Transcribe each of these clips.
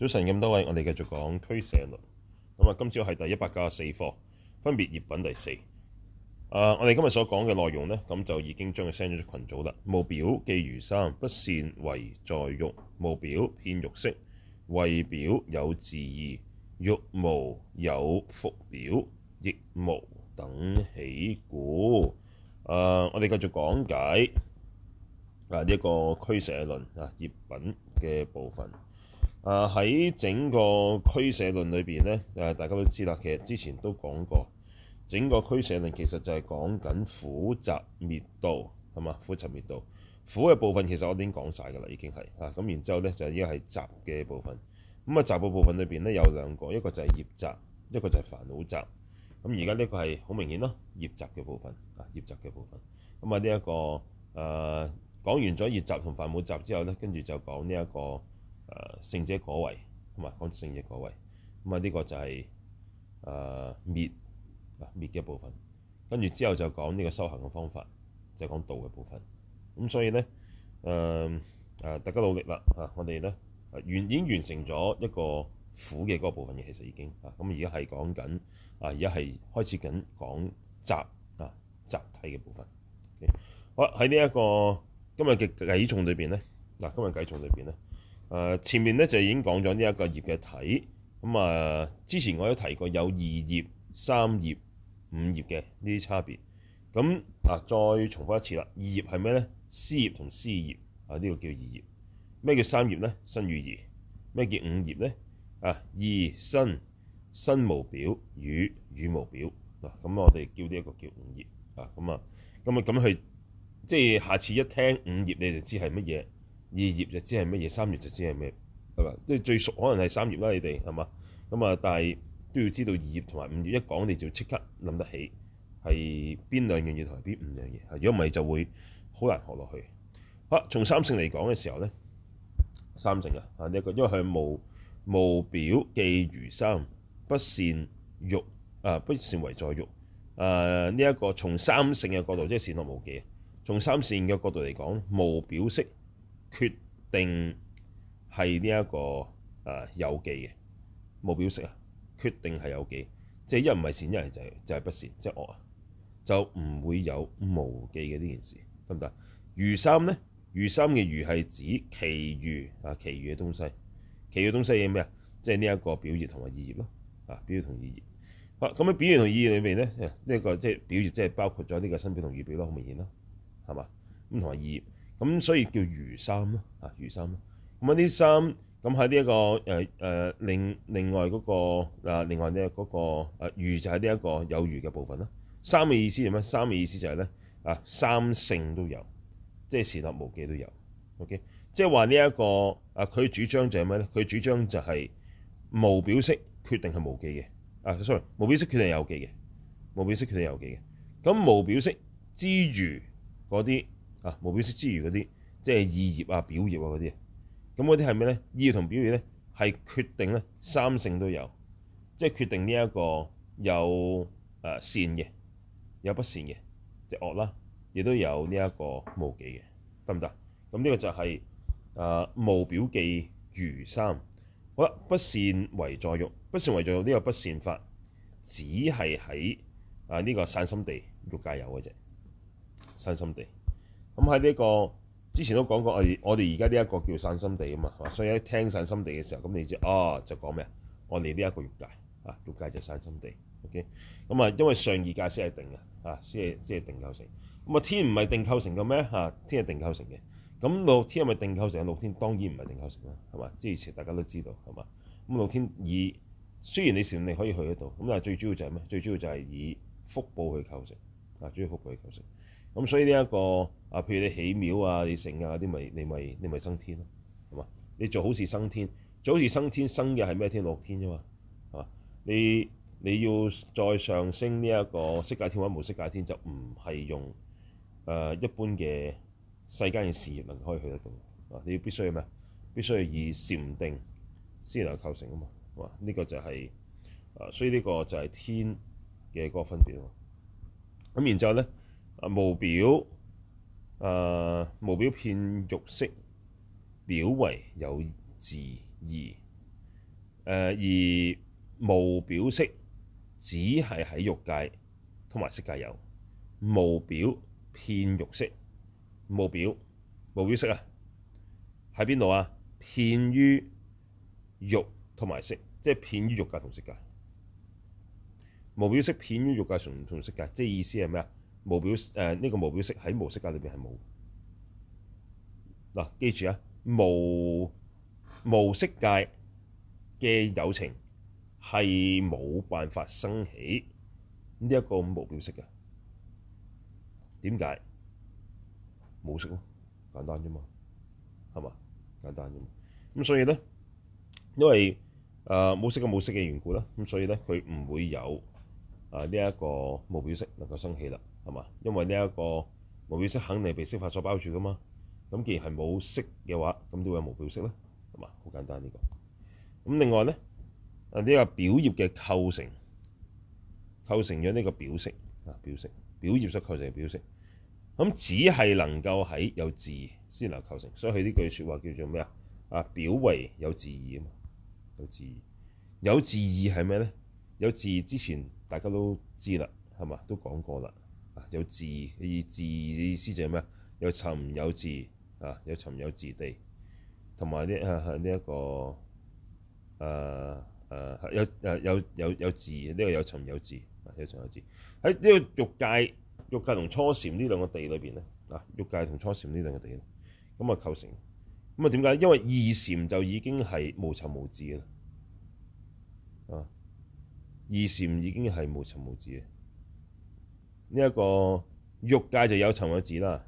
早晨咁多位，我哋繼續講俱舍論。咁啊，今朝係第一百九十四課，分別業品第四。誒、啊，我哋今日所講嘅內容咧，咁就已經將佢 send 咗出群組啦。無表記餘三，不善唯在欲；無表遍欲色，表唯有伺二，欲無有覆表，以無等起故。誒、啊，我哋繼續講解啊呢、這個俱舍論啊業品嘅部分。啊！喺整個俱舍論裏邊咧，誒、啊、大家都知啦，其實之前都講過，整個俱舍論其實就係講緊苦集滅道，係嘛？苦集滅道，苦嘅部分其實我已經講晒㗎啦，已經係啊，咁然之後咧就依個係集嘅部分，咁啊集嘅部分裏邊咧有兩個，一個就係業集，一個就係煩惱集。咁而家呢個係好明顯咯，業集嘅部分啊，業集嘅部分。咁啊呢一、啊這個誒、啊、講完咗業集同煩惱集之後咧，跟住就講呢、這、一個。誒聖、啊、者果位同埋講聖者果位，咁啊呢、這個就係、是、誒、啊、滅啊滅嘅部分。跟住之後就講呢個修行嘅方法，就係講道嘅部分。咁、啊、所以咧誒誒，大家努力啦嚇、啊！我哋咧完已經完成咗一個苦嘅嗰部分嘅，其實已經啊咁而家係講緊啊，而家係開始緊講集啊集體嘅部分。Okay? 好啦，喺、這個、呢一個、啊、今日嘅偈頌裏邊咧，嗱、啊、今日偈頌裏邊咧。誒前面咧就已經講咗呢一個業嘅體，咁啊之前我都提過有二業、三業、五業嘅呢啲差別，咁啊再重複一次啦。二業係咩咧？思業同思業啊，呢、這個叫二業。咩叫三業咧？身語意。咩叫五業咧？啊，意、身、身無表，語、語無表。嗱，咁我哋叫呢一個叫五業。啊，咁啊，咁啊咁去，即、就、係、是、下次一聽五業你就知係乜嘢。二業就知係乜嘢，三業就知係咩係嘛？即係最熟，可能係三業啦。你哋係嘛咁啊？但係都要知道二業同埋五業一講，你就即刻諗得起係邊兩樣嘢同埋邊五樣嘢。如果唔係，就會好難學落去。好，從三性嚟講嘅時候咧，三性啊啊呢一個，因為佢無無表記餘三，不善欲啊、呃，不善唯在欲啊，呢一個從三性嘅角度，即係善惡無記。從三性嘅角度嚟講，無表色。決定係呢一個啊、嗯、有記嘅無表色啊，決定係有記，即、就、係、是、一唔係善，一係就係、是、就係、是、不善，即係惡啊，就唔會有無記嘅呢件事得唔得？餘三咧，餘三嘅餘係指其餘啊，其餘嘅東西，其餘嘅東西係咩啊？即係呢一個表業同埋意業咯啊，表業同意業，好，咁喺表業同意業裏面咧，呢、啊、一、這個即係表業即係包括咗呢個身表同語表咯，好明顯咯，係嘛，咁同埋意業。咁所以叫餘三咯，啊，餘三咯。咁一啲三，咁喺呢一個誒誒、呃，另外、那個啊、另外嗰、那個另外咧嗰個誒餘就係呢一個有餘嘅部分啦。三嘅意思係咩？三嘅意思就係、是、咧，啊三性都有，即係善惡無記都有。OK，即係話呢一個啊，佢主張就係咩咧？佢主張就係無表色決定係無記嘅。啊，sorry，無表色決定有記嘅，無表色決定有記嘅。咁無，無表色之餘嗰啲，啊！無表色之餘嗰啲，即係意業啊、表業啊嗰啲。咁嗰啲係咩咧？意業同表業咧，係決定咧三性都有，即係決定呢一個有誒、呃、善嘅，有不善嘅，即惡啦，亦都有呢一個無記嘅，得唔得？咁呢個就係、是、誒、呃、無表記餘三。好啦，不善唯在欲，不善唯在欲呢個不善法，只係喺啊呢個散心地欲界有嘅啫，散心地。咁喺呢個之前都講過，啊、我我哋而家呢一個叫散心地啊嘛，所以喺聽散心地嘅時候，咁你知哦、啊，就講咩？我哋呢一個欲界啊，欲界，啊、界就散心地。OK，咁啊，因為上二界先係定嘅，嚇先係先係定構成。咁啊天唔係定構成嘅咩？嚇、啊、天係定構成嘅。咁六天係咪定構成嘅？六天當然唔係定構成啦，係嘛？即係以前大家都知道係嘛？咁六、嗯、天二雖然你禪定可以去得到，咁但係最主要就係咩？最主要就係以福報去構成啊，主要福報去構成。啊咁所以呢、這、一個啊，譬如你起廟啊、你成啊啲，咪你咪你咪升天咯，係嘛？你做好事升天，做好事升天，生嘅係咩天？六天啫嘛，係嘛？你你要再上升呢一個色界天或者無色界天，就唔係用誒、呃、一般嘅世間嘅事業能可以去得到。啊，你要必須咩？必須以禪定先能夠構成啊嘛，係嘛？呢、這個就係、是、啊，所以呢個就係天嘅嗰個分別喎。咁然之後咧。啊、呃！無表，誒無表遍欲色，表唯有伺二。誒、呃、而無表色，只係喺欲界同埋色界有，無表遍欲色，無表無表色啊！喺邊度啊？遍於欲同埋色，即係遍於欲嘅同色界。無表色，遍於欲嘅同同色界，即係意思係咩啊？無表，誒呢個無表色喺無色界裏邊係冇嗱。記住啊，無無色界嘅友情係冇辦法生起咁呢一個無表色嘅。點解？無色咯？簡單啫嘛，係嘛？簡單啫嘛。咁所以咧，因為誒無色嘅無色嘅緣故咧，咁所以咧，佢唔會有啊呢一個無表色能夠生起啦。係嘛？因為呢一個無表色肯定係被色法所包住噶嘛。咁既然係冇色嘅話，咁都會有無表色咧。係嘛？好簡單呢個。咁另外咧啊，呢個表業嘅構成構成咗呢個表色啊，表色表業所構成嘅表色。咁只係能夠喺有伺先能夠構成，所以佢呢句説話叫做咩啊？啊，表唯有伺二啊嘛，有伺二有伺二係咩咧？有伺二之前大家都知啦，係嘛？都講過啦。有伺意思意思就係咩有尋有伺啊！有尋有伺地，同埋呢啊呢一個誒誒有誒有有有伺呢個有尋有伺啊！有尋有,有,有伺喺呢、這個啊、個欲界欲界同初禪呢兩個地裏邊咧啊！欲界同初禪呢兩個地咧，咁啊構成咁啊點解？因為二禪就已經係無尋無伺嘅啦啊！二禪已經係無尋無伺嘅。呢一個欲界就有尋有伺啦，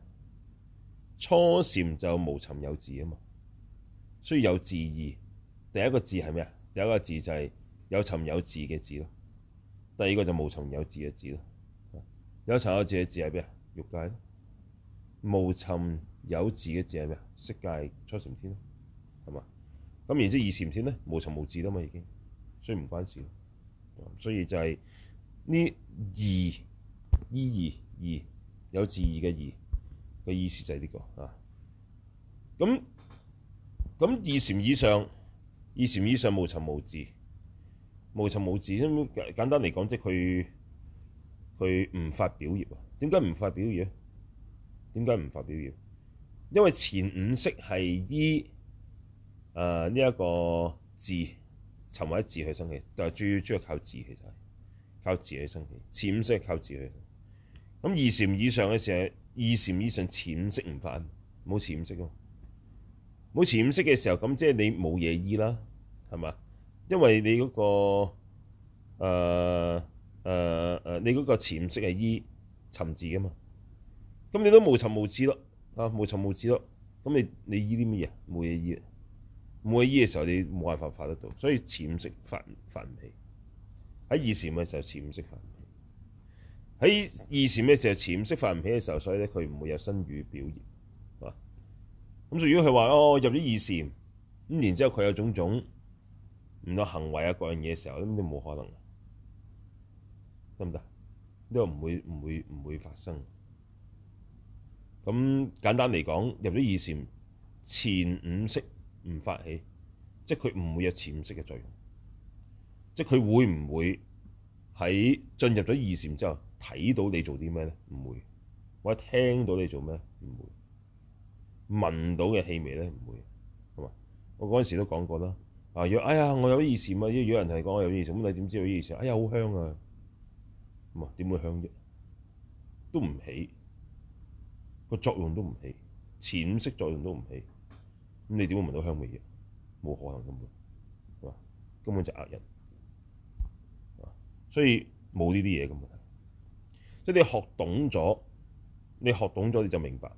初禪就無尋有伺啊嘛，所以有伺二，第一個伺係咩啊？第一個伺就係有尋有伺嘅伺咯。第二個就無尋有伺嘅伺咯。有尋有伺嘅伺係咩啊？欲界咯。無尋有伺嘅伺係咩啊？色界初禪天咯，係嘛？咁然之後二禪天咧，無尋無伺啦嘛，已經，所以唔關事。所以就係呢二。「依二二有伺二嘅二嘅意思就係呢、這個啊。咁咁，二禪以上，二禪以上無尋無伺，無尋無伺。咁簡單嚟講，即係佢佢唔發表業啊。點解唔發表業？點解唔發表業？因為前五識係依誒呢一、呃這個伺尋揾伺去生氣，但係最主要靠伺其實係靠伺去生氣。前五識係靠伺去。咁二禪以上嘅時候，二禪以上前識唔發，冇前識咯，冇前識嘅時候，咁即係你冇嘢依啦，係嘛？因為你嗰、那個誒誒、呃呃、你嗰個前識係依尋伺噶嘛，咁你都冇尋冇伺咯，啊無尋無伺咯，咁你你依啲乜嘢？冇嘢依，冇嘢依嘅時候，你冇辦法發得到，所以前識發唔起。喺二禪嘅時候前識發。喺二禪嘅時候尋伺，尋伺發唔起嘅時候，所以咧佢唔會有身語表現，係嘛咁。就如果佢話哦入咗二禪咁，然之後佢有種種唔同行為啊，各樣嘢嘅時候，咁你冇可能得唔得？呢個唔會唔會唔會發生。咁簡單嚟講，入咗二禪前五識唔發起，即係佢唔會有尋伺嘅作用。即係佢會唔會喺進入咗二禪之後？睇到你做啲咩咧？唔會。或者聽到你做咩咧？唔會。聞到嘅氣味咧？唔會。係嘛？我嗰陣時都講過啦。啊，若哎呀，我有啲異事嘛。如果有人係講我有啲異事，咁你點知有啲異事？哎呀，好香啊！咁啊，點會香啫？都唔起個作用都，都唔起潛色作用，都唔起。咁你點會聞到香味？嘢？冇可能咁嘛，係嘛？根本就呃人。所以冇呢啲嘢咁。即係你學懂咗，你學懂咗你就明白，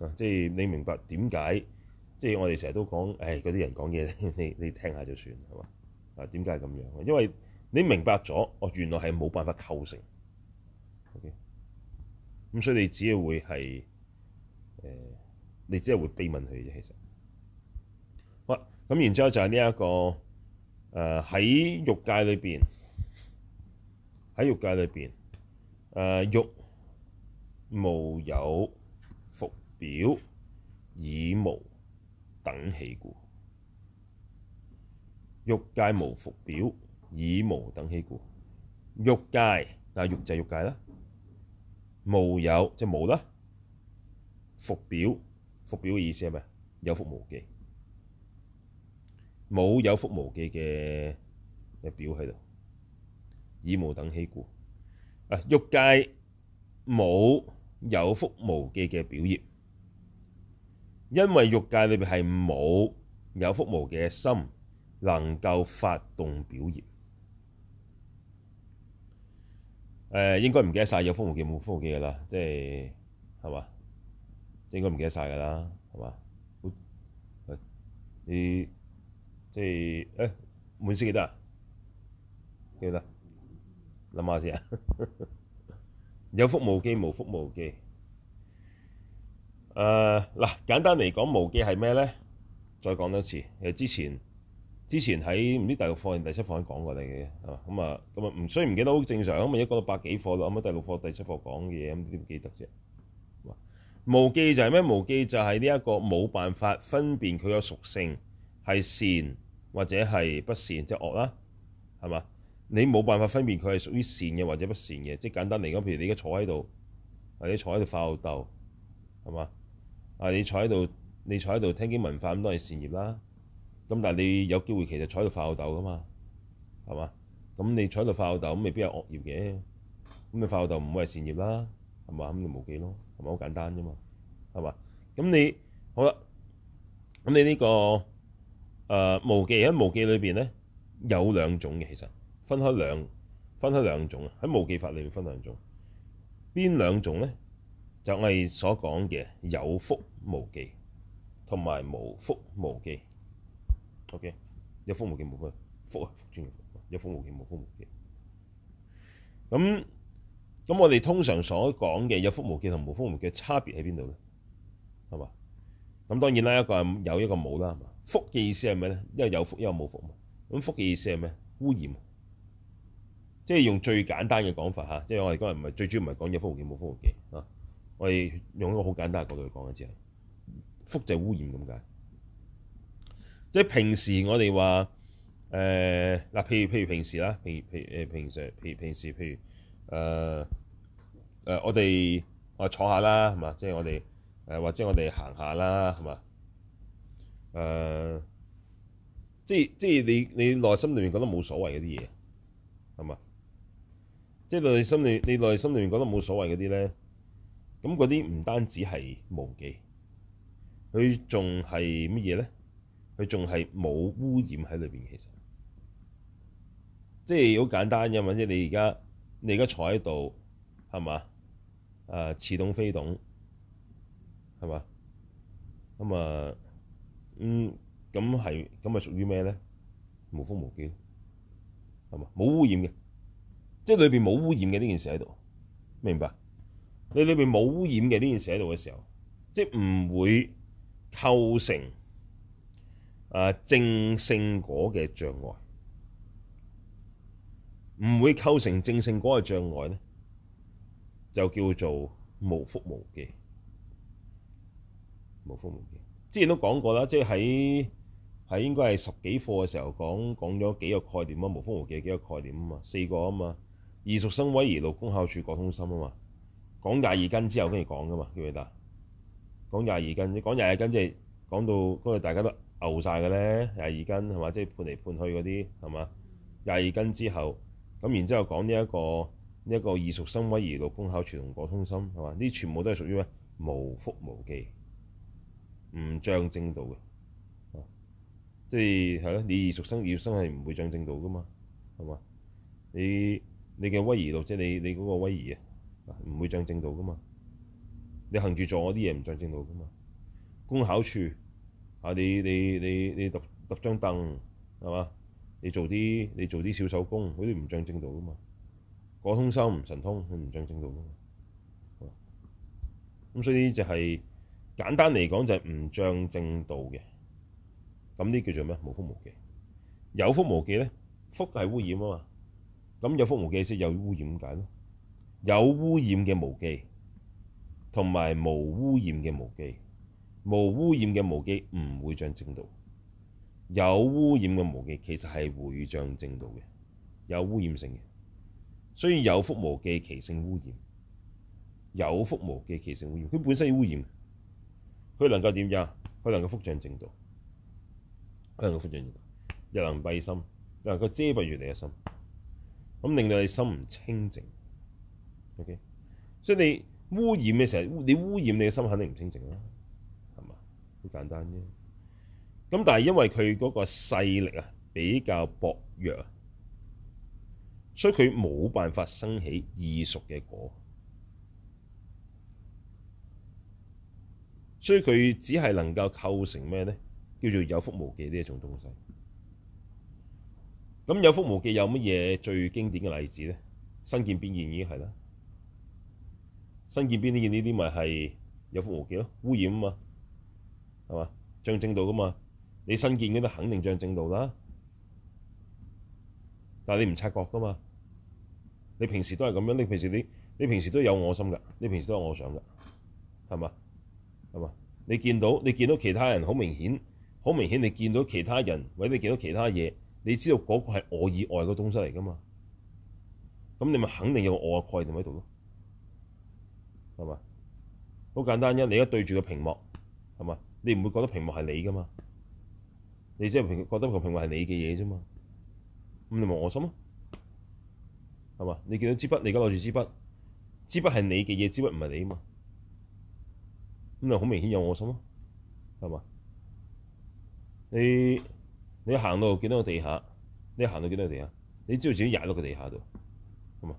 啊、即係你明白點解？即係我哋成日都講，誒，嗰啲人講嘢，你你，你聽下就算係嘛？啊，點解係咁樣？因為你明白咗，哦，原來係冇辦法構成。OK，咁所以你只係會係誒、呃，你只係會避問佢啫。其實好啦，咁然之後就係呢一個誒喺欲界裏邊，喺欲界裏邊。誒、uh, 欲無有覆表，以無等起故；欲界無覆表，以無等起故。欲界嗱，欲就欲界啦。無有即冇啦。覆、就是、表覆表嘅意思係咩？有覆無記，冇有覆無記嘅嘅表喺度，以無等起故。欲界冇有覆無記嘅表業，因為欲界裏邊係冇有覆無記嘅心，能夠發動表業。誒，應該唔記得晒有覆無記、無覆無記噶啦，即係係嘛？應該唔記得晒噶啦，係嘛？你即係誒，唔記得啊？記得。諗下先 有覆無記，無覆無記。誒、呃、嗱，簡單嚟講，無記係咩咧？再講多次，其實之前之前喺唔知第六課定第七課講過嚟嘅，係嘛？咁啊，咁啊，唔需以唔記得好正常。咁啊，一個百幾課咯，咁啊，第六課、第七課講嘢，咁點記得啫？無記就係咩？無記就係呢一個冇辦法分辨佢嘅屬性係善或者係不善，即、就、係、是、惡啦，係嘛？你冇辦法分辨佢係屬於善嘅或者不善嘅。即係簡單嚟講，譬如你而家坐喺度，或者坐喺度發吽豆，係嘛？啊，你坐喺度，你坐喺度聽經文化咁都係善業啦。咁但係你有機會其實坐喺度發吽豆噶嘛，係嘛？咁你坐喺度發吽豆咁未必有惡業嘅，咁你發吽豆唔會係善業啦，係嘛？咁就無記咯，係咪好簡單啫嘛？係嘛？咁你好啦，咁你、這個呃、呢個誒無記，喺無記裏邊咧有兩種嘅其實。分開兩分開兩種啊！喺無記法裏面分兩種，邊兩種咧？就係我哋所講嘅有覆無記同埋無覆無記。O.K. 有覆無記冇咩？覆啊！覆專業。有覆無記冇覆無記。咁咁，我哋通常所講嘅有覆無記同無覆無記差別喺邊度咧？係嘛？咁當然啦，一個係有，一個冇啦。係嘛？覆嘅意思係咩咧？因為有覆，因為冇覆。咁覆嘅意思係咩？污染。即係用最簡單嘅講法嚇，即係我哋今日唔係最主要唔係講有覆無記冇覆無記啊！我哋用一個好簡單嘅角度去講嘅啫，覆即污染咁解。即係平時我哋話誒嗱，譬、呃、如譬如平時啦，譬如誒平時如平，平時譬如誒誒我哋我坐下啦係嘛，即係我哋誒、呃、或者我哋行下啦係嘛誒，即係即係你你內心裏面覺得冇所謂嗰啲嘢係嘛？即係內心裏，你內心裏面覺得冇所謂嗰啲咧，咁嗰啲唔單止係無記，佢仲係乜嘢咧？佢仲係冇污染喺裏邊，其實即係好簡單嘅嘛。即係你而家你而家坐喺度，係嘛？誒似懂非懂，係嘛？咁啊，嗯，咁係咁啊，屬於咩咧？無覆無記，係嘛？冇污染嘅。即係裏邊冇污染嘅呢件事喺度，明白？你裏邊冇污染嘅呢件事喺度嘅時候，即係唔會構成誒證聖果嘅障礙，唔會構成證聖果嘅障礙咧，就叫做無覆無記。無覆無記，之前都講過啦，即係喺喺應該係十幾課嘅時候講講咗幾個概念啊，無覆無記幾個概念啊嘛，四個啊嘛。異熟生威儀路工巧處果通心啊嘛，講廿二根之後跟住講噶嘛，記唔記得？講廿二根，你講廿二根即係講到嗰度大家都牛晒嘅咧。廿二根係嘛，即係、就是、判嚟判去嗰啲係嘛？廿二根之後咁，然之後講呢、這、一個呢一、這個異熟生威儀路工巧處同果通心係嘛？呢全部都係屬於咩無覆無記，唔障正道嘅，即係係咯。你異熟生二生係唔會障正道噶嘛，係嘛？你。你嘅威儀路，即係你你嗰個威儀啊，唔會障聖道噶嘛。你行住坐啲嘢唔障聖道噶嘛。工巧處啊，你你你你揼揼張凳係嘛？你做啲你做啲小手工嗰啲唔障聖道噶嘛。果通心神通佢唔障聖道嘛。咁所以呢、就是，就係簡單嚟講就係唔障聖道嘅。咁呢叫做咩？無覆無記。有覆無記咧，覆係污染啊嘛。咁有覆無記式有污染解咯，有污染嘅無記同埋無污染嘅無記，無污染嘅無記唔會障聖道，有污染嘅無記其實係會障聖道嘅，有污染性嘅。所以有覆無記其性污染，有覆無記其性污染，佢本身要污染，佢能夠點呀？佢能夠覆障聖道，佢能夠覆障聖道，又能蔽心，能夠遮蔽住你嘅心。咁令到你心唔清淨，OK？所以你污染嘅時候，你污染你嘅心，肯定唔清淨啦，係嘛？好簡單啫。咁但係因為佢嗰個勢力啊比較薄弱，所以佢冇辦法生起異熟嘅果，所以佢只係能夠構成咩咧？叫做有覆無記呢一種東西。咁有覆無記有乜嘢最經典嘅例子咧？身見邊見已經係啦，身見邊見呢啲咪係有覆無記咯？污染啊嘛，係嘛？障正道噶嘛？你身見嗰啲肯定障正道啦，但係你唔察覺噶嘛？你平時都係咁樣，你平時你你平時都有我心噶，你平時都有我想噶，係嘛？係嘛？你見到你見到其他人好明顯，好明顯你見到其他人或者你見到其他嘢。你知道嗰個係我以外嘅東西嚟噶嘛？咁你咪肯定有我嘅概念喺度咯，係嘛？好簡單，因為你而家對住個屏幕，係嘛？你唔會覺得屏幕係你噶嘛？你只係屏覺得個屏幕係你嘅嘢啫嘛？咁你咪我心咯，係嘛？你見到支筆，你而家攞住支筆，支筆係你嘅嘢，支筆唔係你啊嘛？咁你好明顯有我心咯，啊，係嘛？你。你行到幾多個地下，你行到幾多個地下，你知道自己踩到個地下度，咁啊，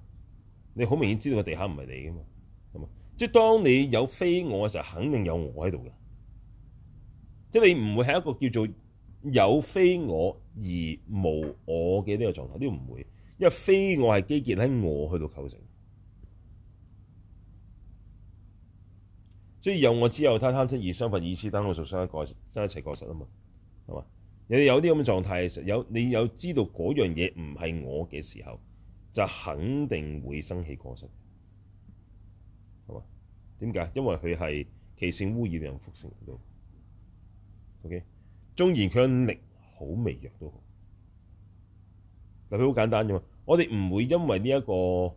你好明顯知道個地下唔係你噶嘛，咁啊，即係當你有非我嘅時候，肯定有我喺度嘅，即係你唔會係一個叫做有非我而無我嘅呢個狀態，呢啲唔會，因為非我係基建喺我去到構成，所以有我之後，他貪嗔二相分以次，二痴單我屬生一過生一齊過實啊嘛，係嘛？你哋有啲咁嘅狀態嘅時候，有你有知道嗰樣嘢唔係我嘅時候，就肯定會生氣過失，係嘛？點解？因為佢係其性污染定屬性嚟到。O.K. 縱然佢力好微弱都好，但佢好簡單啫嘛。我哋唔會因為呢、這、一個誒、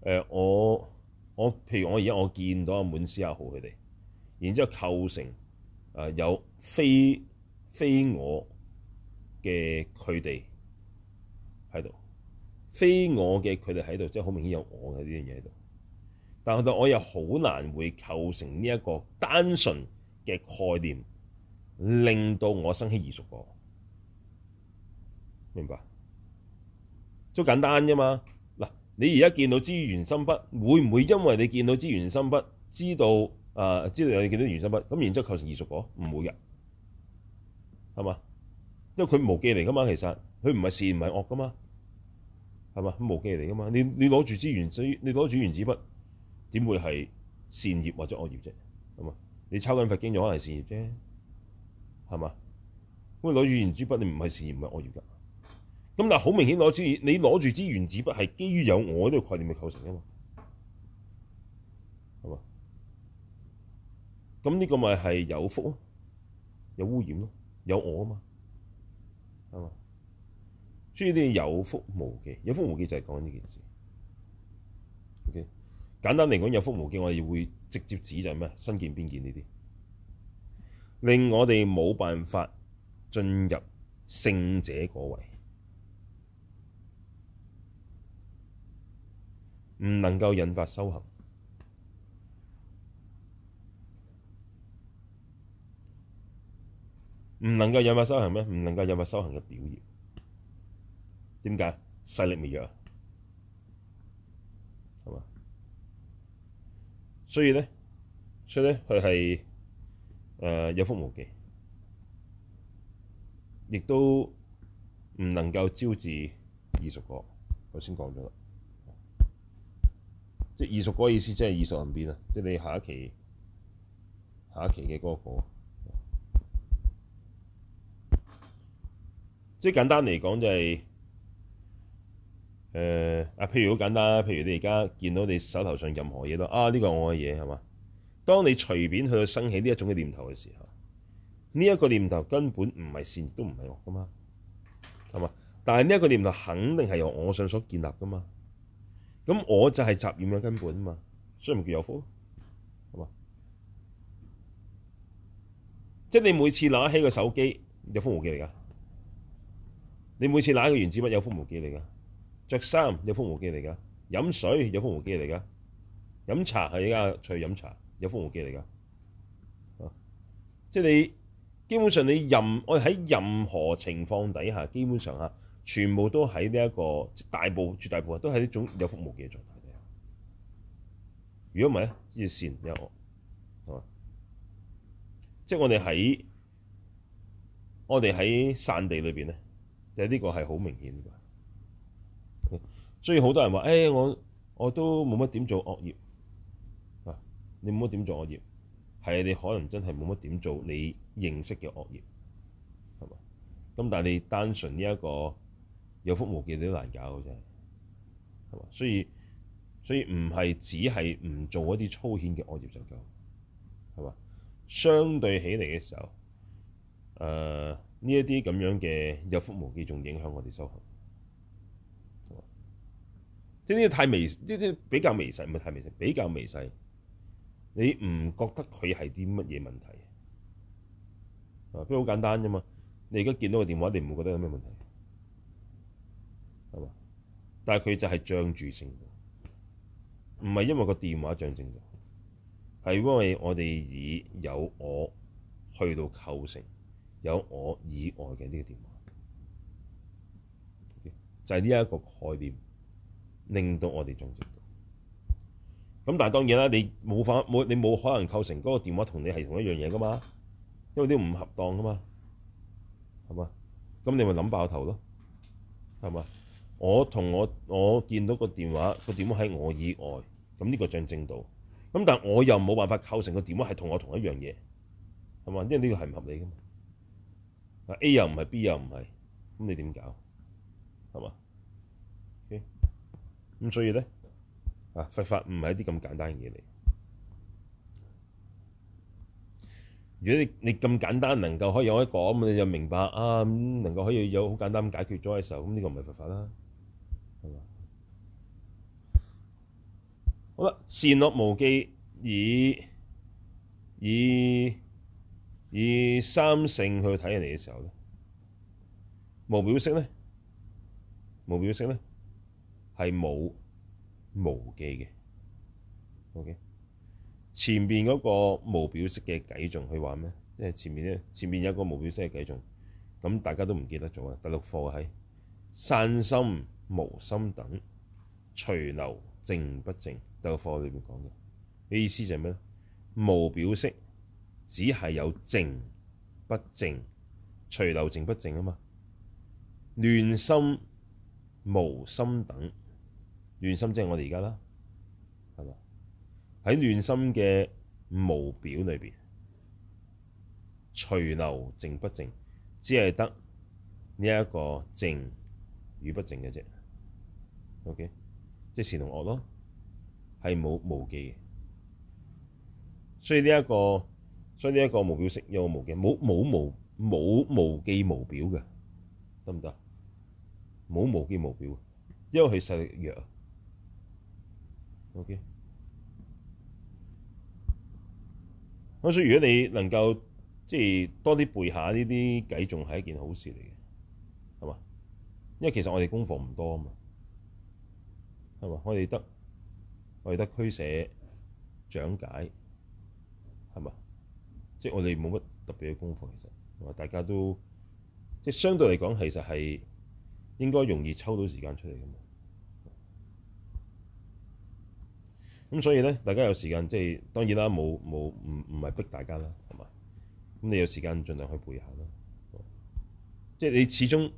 呃、我我譬如我而家我見到阿滿斯亞豪佢哋，然之後構成誒、呃、有非非我。嘅佢哋喺度，非我嘅佢哋喺度，即係好明顯有我嘅呢樣嘢喺度。但係我又好難會構成呢一個單純嘅概念，令到我生起異熟果。明白？都簡單啫嘛。嗱，你而家見到資源深筆，會唔會因為你見到資源深筆，知道誒、呃，知道你見到原深筆，咁然之後構成異熟果？唔會嘅，係嘛？因為佢無記嚟噶嘛，其實佢唔係善唔係惡噶嘛，係嘛？無記嚟噶嘛。你你攞住支圓珠，你攞住原子筆點會係善業或者惡業啫？係嘛？你抄緊佛經有可能係善業啫，係嘛？咁你攞住原子筆，你唔係善業唔係惡業噶。咁但係好明顯，攞住你攞住支原子筆係基於有我呢個概念去構成噶嘛，係嘛？咁呢個咪係有覆咯、啊，有污染咯、啊，有我啊嘛。啊嘛，所以啲有覆無記，有覆無記就係講呢件事。O、okay? K，簡單嚟講，有覆無記我哋會直接指就係咩？身見邊見呢啲，令我哋冇辦法進入聖者果位，唔能夠引發修行。唔能夠引發修行咩？唔能夠引發修行嘅表業，點解勢力微弱啊？係嘛？所以咧，所以咧，佢係誒有覆無記，亦都唔能夠招致異熟果。頭先講咗啦，即係異熟果意思即係異熟唔變啊！即係你下一期下一期嘅嗰個。即係簡單嚟講、就係，就係誒啊！譬如好簡單，譬如你而家見到你手頭上任何嘢都啊，呢個我嘅嘢，係嘛？當你隨便去生起呢一種嘅念頭嘅時候，呢、這、一個念頭根本唔係善，都唔係惡噶嘛，係嘛？但係呢一個念頭肯定係由我上所建立噶嘛。咁我就係雜染嘅根本啊嘛，所以咪叫有覆，係嘛？即係你每次拿起個手機，有覆無記嚟㗎。你每次拿個原子筆有覆無記嚟噶，着衫有覆無記嚟噶，飲水有覆無記嚟噶，飲茶係而家除飲茶有覆無記嚟噶，即係你基本上你任我哋喺任何情況底下，基本上嚇全部都喺呢一個大部絕大部分都係呢種有覆無記嘅狀態。如果唔係咧，呢條線有我係嘛！即係我哋喺我哋喺散地裏邊咧。就係呢個係好明顯嘅，所以好多人話：誒、哎，我我都冇乜點做惡業啊！你冇乜點做惡業，係你可能真係冇乜點做你認識嘅惡業，係嘛？咁但係你單純呢一個有覆無記嘅都難搞嘅啫，係嘛？所以所以唔係只係唔做一啲粗淺嘅惡業就夠，係嘛？相對起嚟嘅時候，誒、呃。呢一啲咁樣嘅有覆無記仲影響我哋修行，即係呢啲太微，呢啲比較微細，唔係太微細，比較微細。你唔覺得佢係啲乜嘢問題？啊，都好簡單啫嘛。你而家見到個電話，你唔會覺得有咩問題，係嘛？但係佢就係障住性，唔係因為個電話障住性，係因為我哋已有我去到構成。有我以外嘅呢、這個電話，Okay. 就係呢一個概念，令到我哋中職到。咁但係當然啦，你冇法冇你冇可能構成嗰個電話，你同你係同一樣嘢噶嘛，因為啲唔合當噶嘛，係嘛？咁你咪諗爆頭咯，係嘛？我同我我見到個電話，個電話喺我以外，咁呢個正正到。咁但係我又冇辦法構成個電話係同我同一樣嘢，係嘛？因為呢個係唔合理噶。啊 A 又唔係 B 又唔係，咁你點搞？係嘛？咁所以咧，啊佛法唔係啲咁簡單嘅嘢嚟。如果你你咁簡單能夠可以有一個，咁你就明白啊，能夠可以有好簡單解決咗嘅時候，咁呢個唔係佛法啦，係嘛？好啦，善惡無記，以以。以三性去睇人哋嘅時候咧，無表色咧，無表色咧，係冇，無記嘅。OK，前邊嗰個無表色嘅偈頌去玩咩？即係前面咧，前面有一個無表色嘅偈頌，咁大家都唔記得咗啦。第六課係散心、無心等隨流淨不淨？第六課裏邊講嘅，意思就係咩咧？無表色。只係有淨不淨，隨流淨不淨啊嘛。亂心、無心等亂心，即係我哋而家啦，係嘛？喺亂心嘅無表裏邊，隨流淨不淨，只係得呢一個淨與不淨嘅啫。OK，即係善同惡咯，係冇無記嘅。所以呢、這、一個。所以呢一個無表色有冇無記？冇。冇無冇無記無表嘅得唔得？冇無記無表，因為佢勢力弱啊。O K。咁所以如果你能夠即係多啲背下呢啲偈，仲係一件好事嚟嘅，係嘛？因為其實我哋功課唔多啊嘛，係嘛？我哋得我哋得俱舍講解，係嘛？即係我哋冇乜特別嘅功課，其實，大家都即係相對嚟講，其實係應該容易抽到時間出嚟嘅嘛。咁、嗯、所以咧，大家有時間，即係當然啦，冇冇唔唔係逼大家啦，係咪？咁你有時間，盡量去背下啦、嗯。即係你始終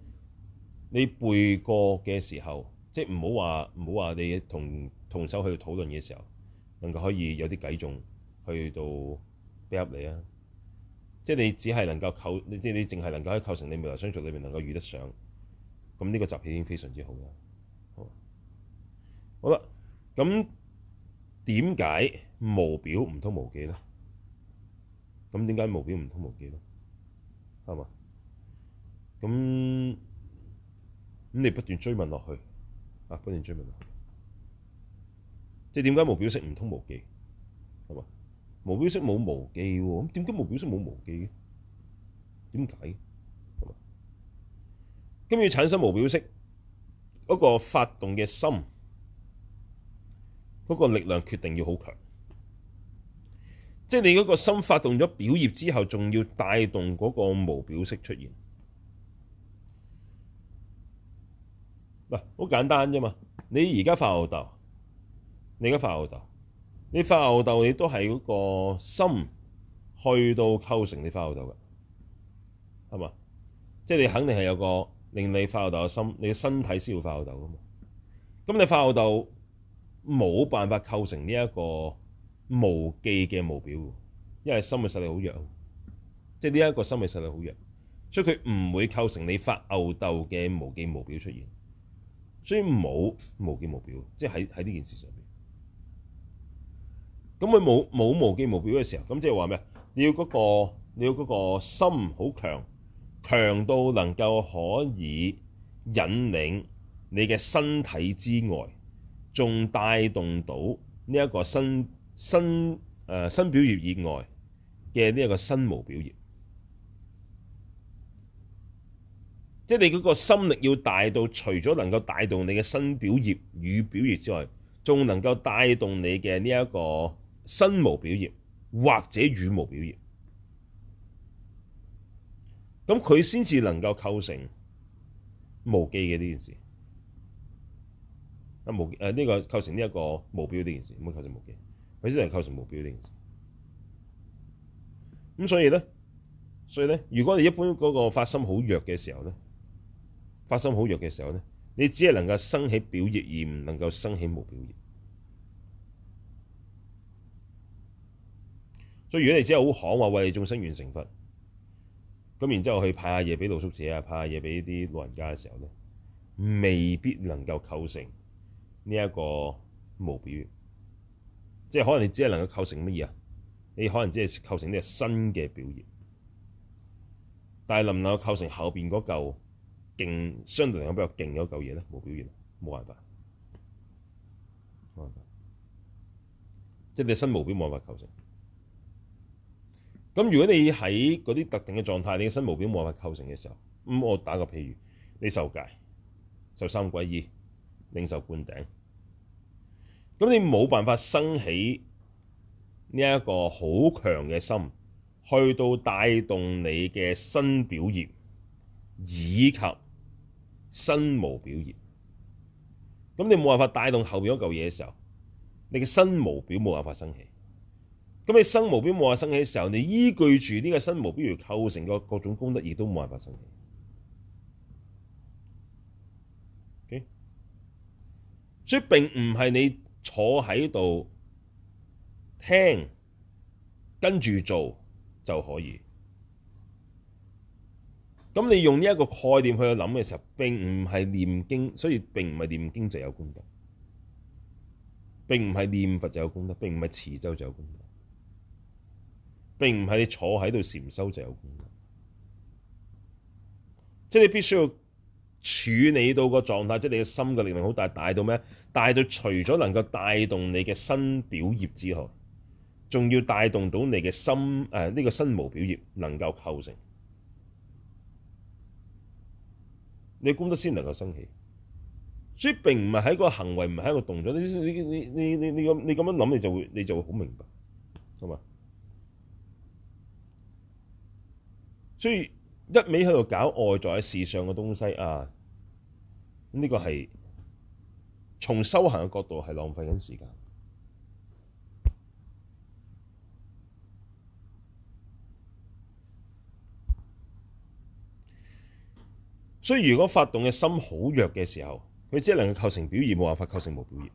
你背過嘅時候，即係唔好話唔好話，你同同手去討論嘅時候，能夠可以有啲計中，去到 back up 你啊。即係你只係能，能夠構，即係你淨係能夠喺構成你未來商場裏面能夠遇得上，咁呢個集氣已經非常之好啦。好啦，咁點解無表唔通無記咧？咁點解無表唔通無記咧？係嘛？咁咁你不斷追問落去，啊不斷追問落去，即係點解無表式唔通無記？係嘛？無表色冇無記喎、啊，咁點解無表色冇無記嘅、啊？點解嘅？咁要產生無表色，嗰、那個發動嘅心，嗰、那個力量決定要好強，即係你嗰個心發動咗表業之後，仲要帶動嗰個無表色出現。嗱、啊，好簡單啫嘛，你而家發吽豆，你而家發吽豆。你發吽豆，你都係嗰個心去到構成你發吽豆噶，係嘛？即係你肯定係有個令你發吽豆嘅心，你嘅身體先會發吽豆噶嘛？咁你發吽豆冇辦法構成呢一個無記嘅無表，因為心嘅實力好弱，即係呢一個心嘅實力好弱，所以佢唔會構成你發吽豆嘅無記無表出現，所以冇無記無表，即係喺喺呢件事上邊。咁佢冇冇無記無表嘅時候，咁即係話咩？你要嗰、嗰個你要嗰個心好強，強到能夠可以引領你嘅身體之外，仲帶動到呢一個身身誒身表業以外嘅呢一個身無表業。即係你嗰個心力要大到，除咗能夠帶動你嘅身表業與表業之外，仲能夠帶動你嘅呢一個。身無表業或者語無表業，咁佢先至能夠構成無記嘅呢件事。啊無誒呢、啊這個構成呢一個無表呢件事，唔可以構成無記，佢先係構成無表呢件事。咁所以咧，所以咧，如果你一般嗰個發心好弱嘅時候咧，發心好弱嘅時候咧，你只係能夠生起表業而唔能夠生起無表業。所以如果你真係好行話，為你眾生完成佛咁，然之後去派下嘢畀露宿者啊，派下嘢畀啲老人家嘅時候咧，未必能夠構成呢一個無表。即係可能你只係能夠構成乜嘢啊？你可能只係構成呢個身嘅表現，但係能唔能夠構成後邊嗰嚿勁，相對嚟講比較勁嗰嚿嘢咧？冇表現，冇辦法，冇辦法，即係你身無表冇辦法構成。咁如果你喺嗰啲特定嘅狀態，你嘅身無表冇辦法構成嘅時候，咁我打個譬如，你受戒，受三歸依，領受灌頂，咁你冇辦法生起呢一個好強嘅心，去到帶動你嘅身表現，以及身無表現，咁你冇辦法帶動後邊嗰嚿嘢嘅時候，你嘅身無表冇辦法生起。咁你生無表冇話生起嘅時候，你依據住呢個新無表而構成嘅各種功德，亦都冇辦法生起。Okay? 所以並唔係你坐喺度聽跟住做就可以。咁你用呢一個概念去諗嘅時候，並唔係念經，所以並唔係念經就有功德，並唔係念佛就有功德，並唔係持咒就有功德。.並唔係你坐喺度禪修就有功德，即係你必須要處理到個狀態，即係你嘅心嘅力量好大，大到咩？大到除咗能夠帶動你嘅身表業之外，仲要帶動到你嘅心誒呢、呃這個身無表業能夠構成，你功德先能夠升起。所以並唔係喺個行為，唔係喺個動作。你你你你你咁你咁樣諗，你就會你就會好明白係嘛？所以一味喺度搞外在嘅事上嘅東西啊，呢個係從修行嘅角度係浪費緊時間。所以如果發動嘅心好弱嘅時候，佢只能夠構成表業，冇辦法構成無表業，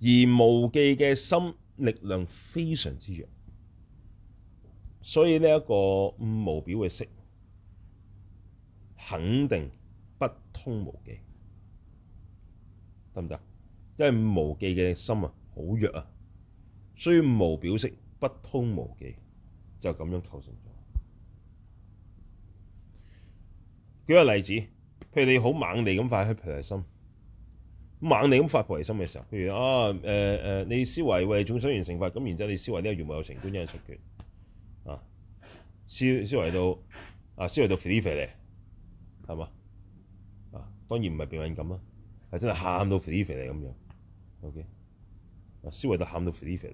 而無記嘅心力量非常之弱。所以呢一個無表嘅色，肯定不通無記，得唔得？因為無記嘅心啊，好弱啊，所以無表色不通無記，就咁樣構成咗。舉個例子，譬如你好猛地咁發起菩提心，猛地咁發菩提心嘅時候，譬如啊，誒、呃、誒、呃，你思維為眾生完成法，咁然之後你思維呢個願望有成觀，因為出決。啊，思思維到啊，思維到肥的肥嚟，係嘛？啊，當然唔係變敏感啦，係真係喊到肥的肥嚟咁樣。O K，啊，思維到喊到肥的肥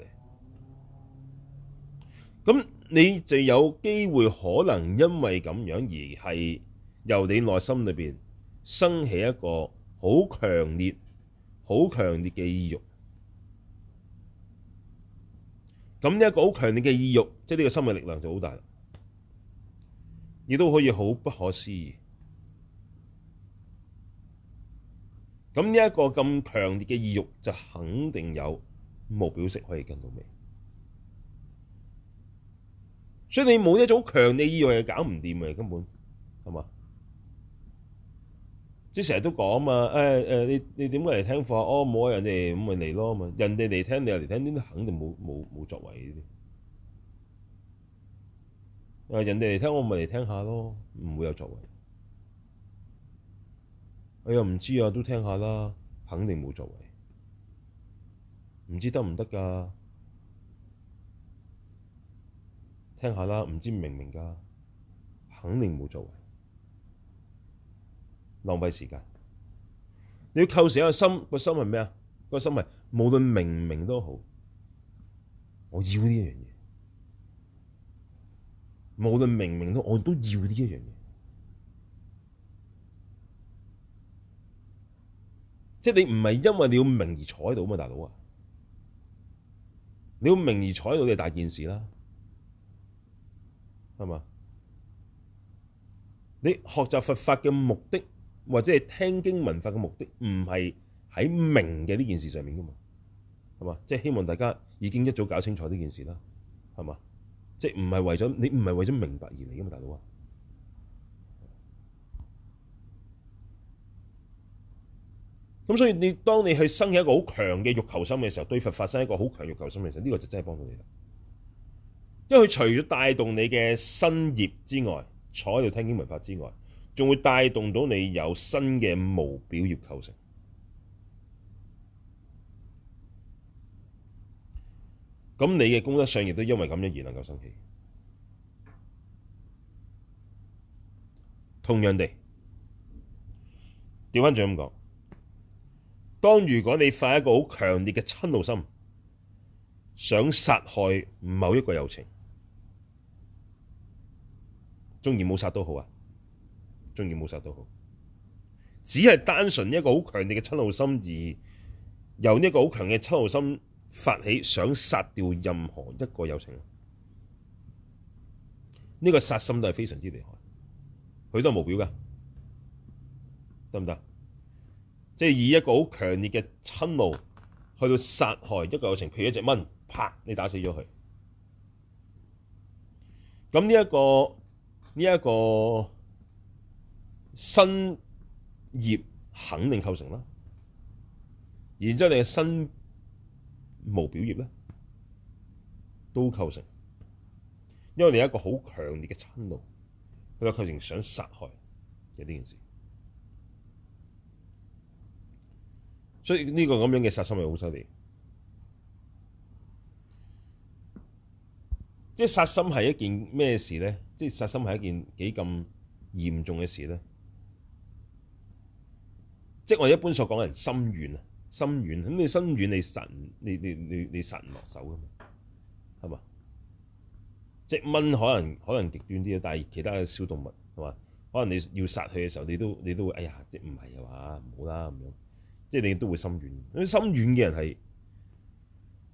嚟，咁你就有機會可能因為咁樣而係由你內心裏邊生起一個好強烈、好強烈嘅意欲。咁呢一個好強烈嘅意欲，即係呢個心嘅力量就好大，亦都可以好不可思議。咁呢一個咁強烈嘅意欲，就肯定有無表色可以跟到尾。所以你冇一種強烈意欲，係搞唔掂嘅，根本係嘛？即係成日都講嘛，誒、哎、誒，你你點解嚟聽課？哦，冇啊，人哋咁咪嚟咯嘛，人哋嚟聽，你又嚟聽，呢啲肯定冇冇冇作為嘅啲。啊，人哋嚟聽，我咪嚟聽下咯，唔會有作為。哎呀，唔知啊，都聽下啦，肯定冇作為。唔知得唔得㗎？聽下啦，唔知明唔明㗎？肯定冇作為。浪費時間，你要構成一個心，個心係咩啊？個心係無論明唔明都好，我要呢一樣嘢。無論明唔明都好，我都要呢一樣嘢。即係你唔係因為你要明而坐喺度啊嘛，大佬啊！你要明而坐喺度，你係大件事啦，係嘛？你學習佛法嘅目的？或者係聽經聞法嘅目的，唔係喺明嘅呢件事上面噶嘛，係嘛？即係希望大家已經一早搞清楚呢件事啦，係嘛？即係唔係為咗你，唔係為咗明白而嚟噶嘛，大佬啊！咁所以你當你去生起一個好強嘅欲求心嘅時候，對佛發生一個好強欲求心嘅時候，呢個就真係幫到你啦。因為佢除咗帶動你嘅身業之外，坐喺度聽經聞法之外。仲會帶動到你有新嘅無表業構成，咁你嘅功德相亦都因為咁樣而能夠生起。同樣地，掉返轉咁講，當如果你發一個好強烈嘅嗔怒心，想殺害某一個有情，縱使冇殺都好啊。終於冇殺到好，只係單純一個好強烈嘅嗔怒心，而由呢一個好強嘅嗔怒心發起想殺掉任何一個有情，呢、這個殺心都係非常之厲害。佢都係無表㗎，得唔得？即、就、係、是、以一個好強烈嘅嗔怒去到殺害一個有情，譬如一隻蚊，啪，你打死咗佢。咁呢一個呢一個。這個新業肯定構成啦，然之後你嘅新無表業咧都構成，因為你有一個好強烈嘅嗔怒，佢就構成想殺害呢件事，所以呢個咁樣嘅殺心係好犀利。即係殺心係一件咩事咧？即係殺心係一件幾咁嚴重嘅事咧？即我一般所講嘅人心軟啊，心軟咁你心軟你殺，你你你你，你殺唔落手噶嘛，係嘛？即蚊可能可能極端啲啊，但係其他嘅小動物係嘛？可能你要殺佢嘅時候，你都你都會哎呀，即唔係啊嘛，唔好啦咁樣，即你都會心軟。心軟嘅人係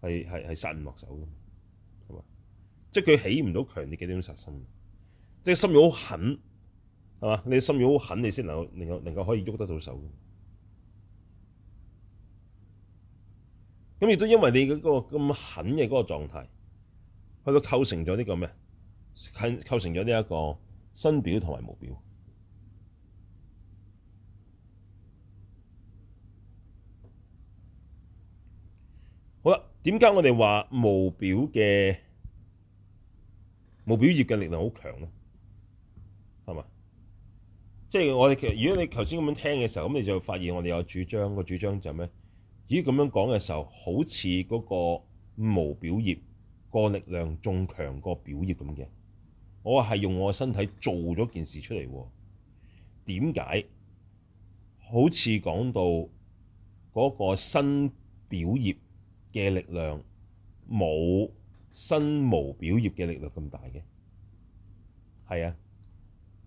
係係係殺唔落手噶嘛，係嘛？即佢起唔到強烈，烈嘅點殺心？即心軟好狠係嘛？你心軟好狠，你先能夠能夠能夠可以喐得到手。咁亦都因為你嗰、嗰個咁狠嘅嗰個狀態，去到構成咗呢個咩？構成咗呢一個身表同埋無表。好啦，點解我哋話無表嘅無表業嘅力量好強咧？係嘛？即係我哋其實，如果你頭先咁樣聽嘅時候，咁你就會發現我哋有主張，個主張就咩？咦咁樣講嘅時候，好似嗰個無表業個力量仲強過表業咁嘅。我係用我身體做咗件事出嚟喎。點解？好似講到嗰個身表業嘅力量冇身無表業嘅力量咁大嘅？係啊，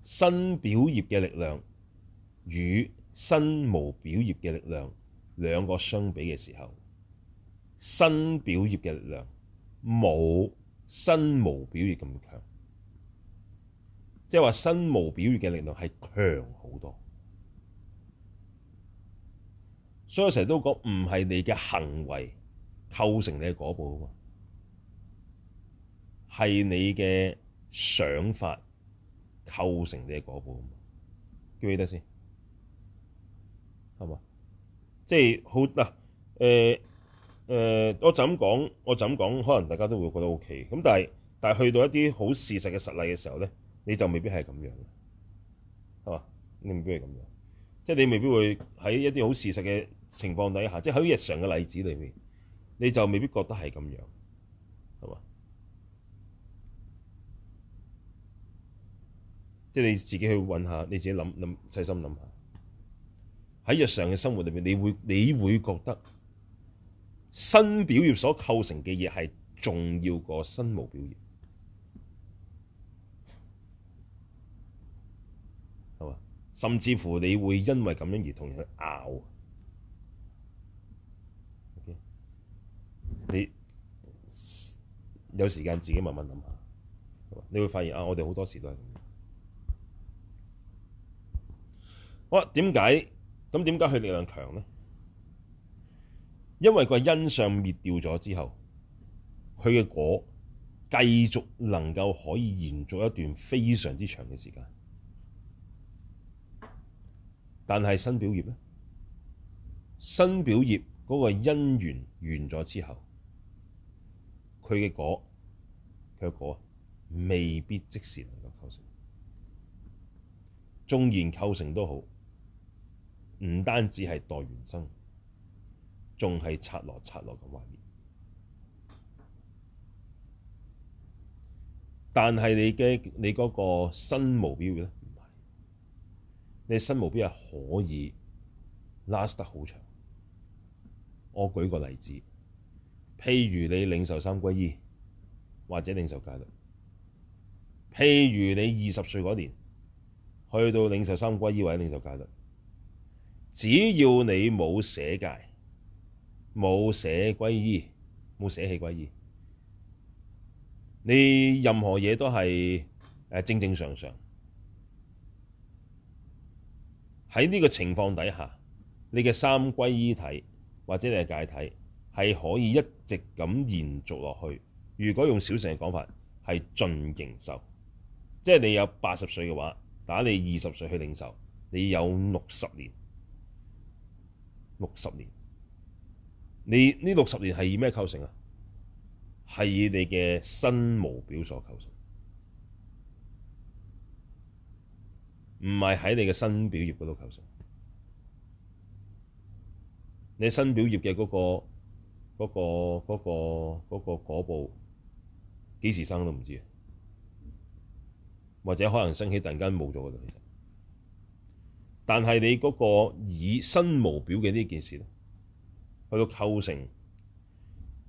身表業嘅力量與身無表業嘅力量。兩個相比嘅時候，身表業嘅力量冇身無表業咁強，即係話身無表業嘅力量係強好多。所以我成日都講，唔係你嘅行為構成你嘅果報啊嘛，係你嘅想法構成你嘅果報啊嘛。記唔記得先？係嘛？即係好嗱，誒誒、呃呃，我就咁講，我就咁講，可能大家都會覺得 OK。咁但係，但係去到一啲好事實嘅實例嘅時候咧，你就未必係咁樣，係嘛？你未必係咁樣，即係你未必會喺一啲好事實嘅情況底下，即係喺日常嘅例子裏面，你就未必覺得係咁樣，係嘛？即係你自己去揾下，你自己諗諗，細心諗下。喺日常嘅生活裏面，你會你會覺得身表業所構成嘅嘢係重要過身無表業，係嘛？甚至乎你會因為咁樣而同人去拗。OK，你有時間自己慢慢諗下，你會發現啊，我哋好多時都係咁樣。好啦，點解？咁點解佢力量強呢？因為個因上滅掉咗之後，佢嘅果繼續能夠可以延續一段非常之長嘅時間。但係身表業呢，身表業嗰個因緣完咗之後，佢嘅果，佢嘅果未必即時能夠構成，縱然構成都好。唔單止係待原生，仲係刷落刷落嘅畫面。但係你嘅你嗰個新目標咧，唔係你新目標係可以 last 得好長。我舉個例子，譬如你領受三歸依，或者領受戒律；譬如你二十歲嗰年去到領受三歸依，或者領受戒律。只要你冇捨戒、冇捨歸依、冇捨棄歸依，你任何嘢都係誒正正常常。喺呢個情況底下，你嘅三歸依體或者你嘅戒體係可以一直咁延續落去。如果用小乘嘅講法，係盡形壽，即係你有八十歲嘅話，打你二十歲去領受，你有六十年。六十年，你呢六十年係以咩構成啊？係以你嘅身無表所構成，唔係喺你嘅身表業嗰度構成。你身表業嘅嗰、嗰個、嗰、嗰個、嗰、嗰個、嗰、果報，幾、那個、時生都唔知啊，或者可能升起突然間冇咗度。其實。但係你嗰個以身無表嘅呢件事咧，去到構成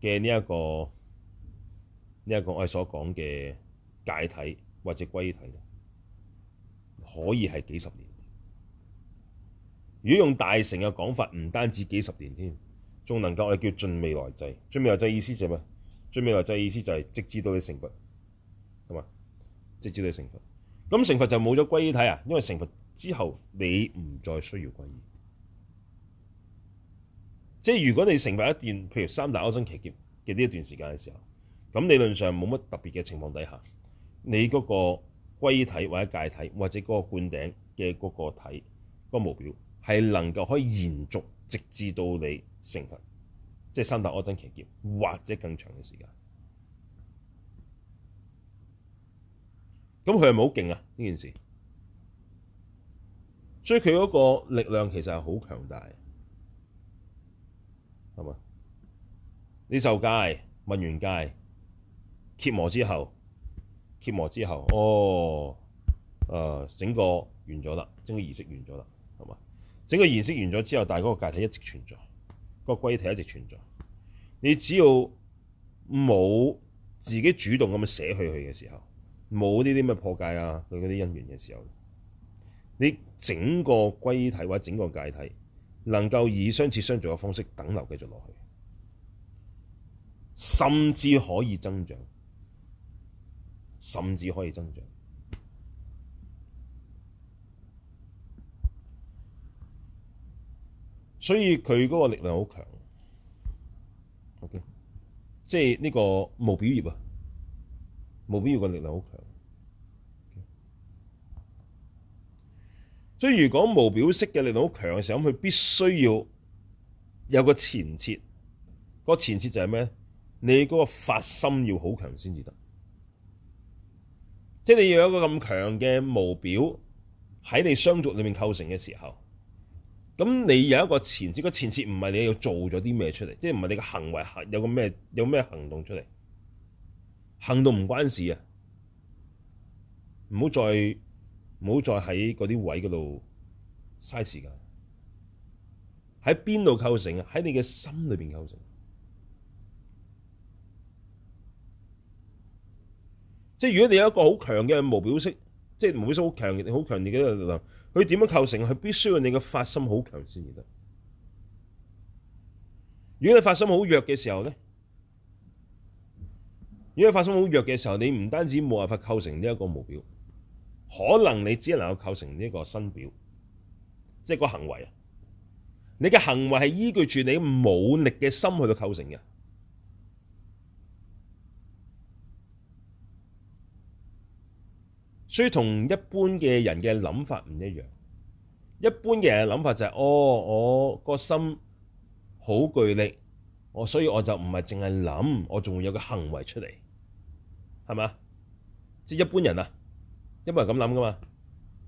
嘅呢一個呢一，這個我哋所講嘅解體或者歸體，可以係幾十年。如果用大成嘅講法，唔單止幾十年添，仲能夠我哋叫盡未來際。盡未來際意，意思就係咩？盡未來際意思就係即知道你成佛，係嘛？直至到你成佛，咁成，成佛就冇咗歸體啊？因為成佛。之後你唔再需要歸依，即係如果你成佛一段，譬如三大阿僧祇劫嘅呢一段時間嘅時候，咁理論上冇乜特別嘅情況底下，你嗰個歸體或者戒體或者嗰個灌頂嘅嗰個體，嗰個目標係能夠可以延續直至到你成佛，即係三大阿僧祇劫或者更長嘅時間，咁佢係咪好勁啊？呢件事？所以佢嗰個力量其實係好強大，係嘛？你受戒、問完戒、羯磨之後，羯磨之後，哦，誒、呃，整個完咗啦，整個儀式完咗啦，係嘛？整個儀式完咗之後，但係嗰個戒體一直存在，個戒體一直存在。你只要冇自己主動咁樣捨去佢嘅時候，冇呢啲咩破戒啊，佢嗰啲因緣嘅時候。你整個戒體或者整個界體，能夠以相似相續嘅方式等流繼續落去，甚至可以增長，甚至可以增長。所以佢嗰個力量好強。O.K.，即係呢個無表業啊，無表業嘅力量好強。所以如果無表色嘅力量好強嘅時候，咁佢必須要有個前設。個前設就係咩？你嗰個發心要好強先至得。即係你要有一個咁強嘅無表喺你相續裏面構成嘅時候，咁你有一個前設。個前設唔係你要做咗啲咩出嚟，即係唔係你嘅行為有個咩有咩行動出嚟？行動唔關事啊，唔好再。唔好再喺嗰啲位嗰度嘥時間。喺邊度構成啊？喺你嘅心裏邊構成。即係如果你有一個好強嘅無表色，即係無表色好強、好強烈嘅力量，佢點樣構成？佢必須你嘅發心好強先至得。如果你發心好弱嘅時候咧，如果你發心好弱嘅時候，你唔單止冇辦法構成呢一個無表。可能你只能夠構成呢一個身表，即係個行為啊。你嘅行為係依據住你冇力嘅心去到構成嘅，所以同一般嘅人嘅諗法唔一樣。一般嘅人諗法就係，哦，我個心好巨力，我所以我就唔係淨係諗，我仲會有個行為出嚟，係咪？即係一般人啊。因為係咁諗噶嘛，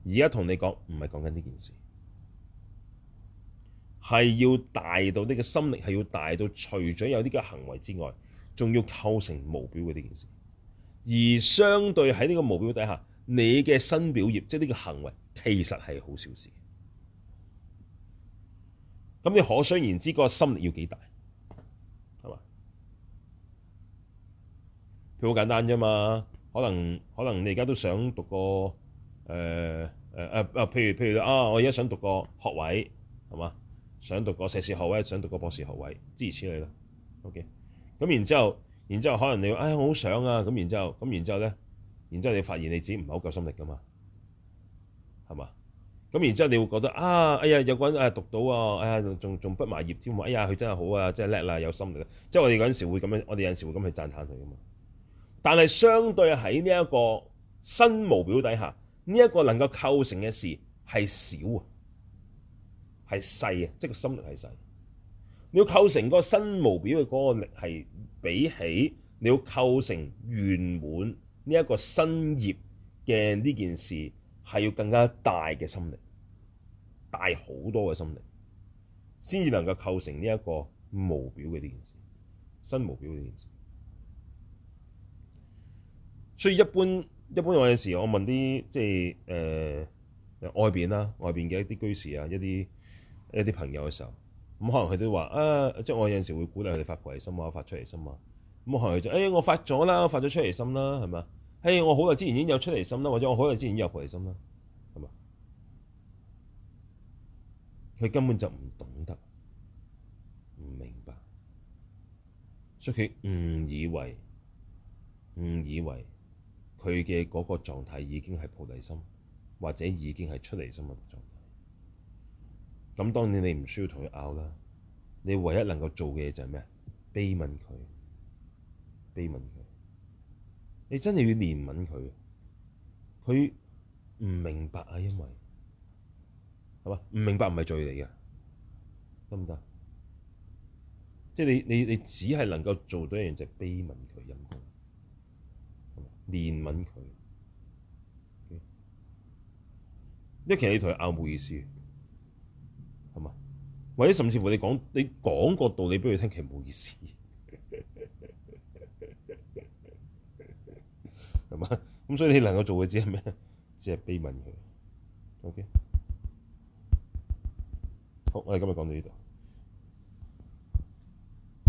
而家同你講唔係講緊呢件事，係要大到呢個心力係要大到除咗有呢個行為之外，仲要構成無表嘅呢件事。而相對喺呢個無表底下，你嘅身表業即係呢個行為，其實係好小事。咁你可想而知個心力要幾大，係嘛？佢好簡單啫嘛。可能可能你而家都想讀個誒誒誒啊，譬如譬如啊，我而家想讀個學位，係嘛？想讀個碩士學位，想讀個博士學位，支持你啦。OK，咁然之後，然之後可能你話：哎好想啊！咁然之後，咁然之後咧，然之後你發現你自己唔係好夠心力㗎嘛？係嘛？咁然之後你會覺得啊，哎呀，有個人啊讀到啊，哎呀，仲仲畢埋業添，哎呀，佢真係好啊，真係叻啦，有心力啦。即係我哋有陣時會咁樣，我哋有陣時會咁去讚歎佢㗎嘛。但係相對喺呢一個身無表底下，呢一個能夠構成嘅事係少啊，係細嘅，即係個心力係細。你要構成個身無表嘅嗰個力，係比起你要構成圓滿呢一個身業嘅呢件事，係要更加大嘅心力，大好多嘅心力，先至能夠構成呢一個無表嘅呢件事，身無表嘅呢件事。所以一般，一般有陣時我問啲即係誒、呃、外邊啦，外邊嘅一啲居士啊，一啲一啲朋友嘅時候，咁、嗯、可能佢都話啊，即、就、係、是、我有陣時會鼓勵佢哋發菩提心啊，發出嚟心啊，咁可能佢就誒，我發咗啦，我發咗出嚟心啦，係、嗯、咪、欸、嘿，我好耐之前已經有出嚟心啦，或者我好耐之前已經有菩提心啦，係嘛？佢根本就唔懂得，唔明白，所以佢誤以為誤以為。佢嘅嗰個狀態已經係菩提心，或者已經係出離心嘅狀態。咁當然你唔需要同佢拗啦，你唯一能夠做嘅嘢就係咩啊？悲憫佢，悲憫佢。你真係要憐憫佢，佢唔明白啊，因為係嘛？唔明白唔係罪嚟嘅，得唔得？即係你你你只係能夠做到一樣就係悲憫佢陰公。憐憫佢，因為其實你同佢拗冇意思，係嘛？或者甚至乎你講你講個道理畀佢聽，其實冇意思，係嘛？咁所以你能夠做嘅只係咩？只係悲憫佢。OK，好，我哋今日講到呢度。